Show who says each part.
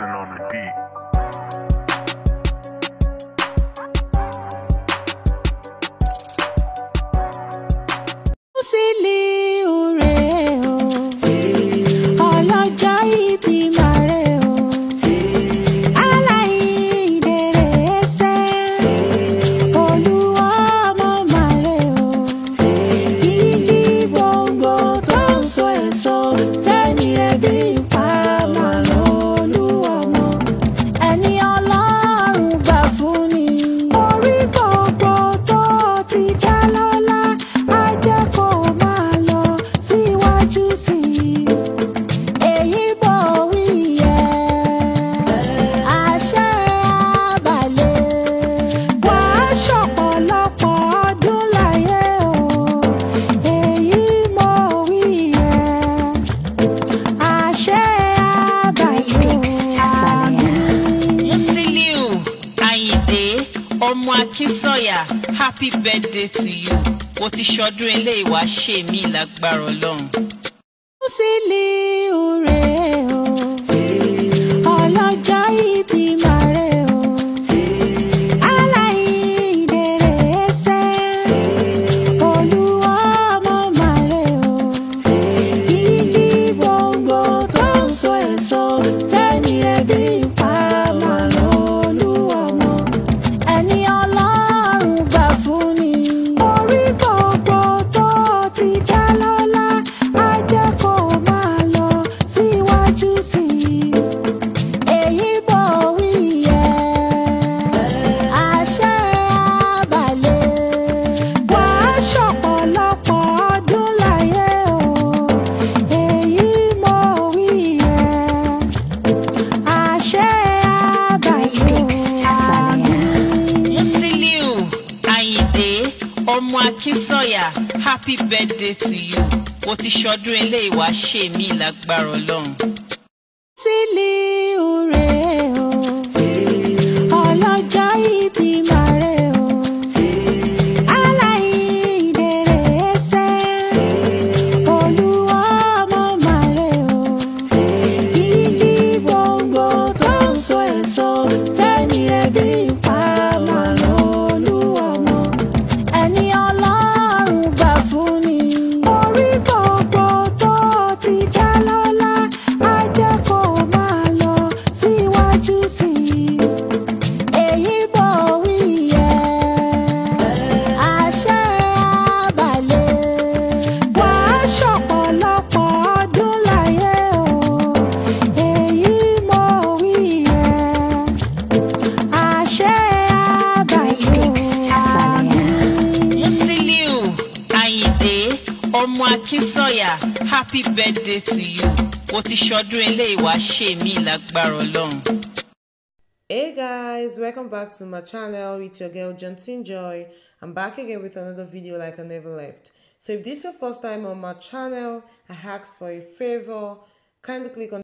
Speaker 1: And on the beat.
Speaker 2: Victoria happy birthday to you mo ti ṣọdún eléyìí wá ṣe mí lágbára Ọlọ́run. happy birthday to you mo ti ṣọdún eléyìí wá ṣe ní ọlọ́run. happy birthday to you What is your ṣọdún eléyìí wá me like lágbára long.
Speaker 1: Hey guys, welcome back to my channel. It's your girl Johnson Joy. I'm back again with another video like I never left. So if this is your first time on my channel, I ask for a favor. Kindly click on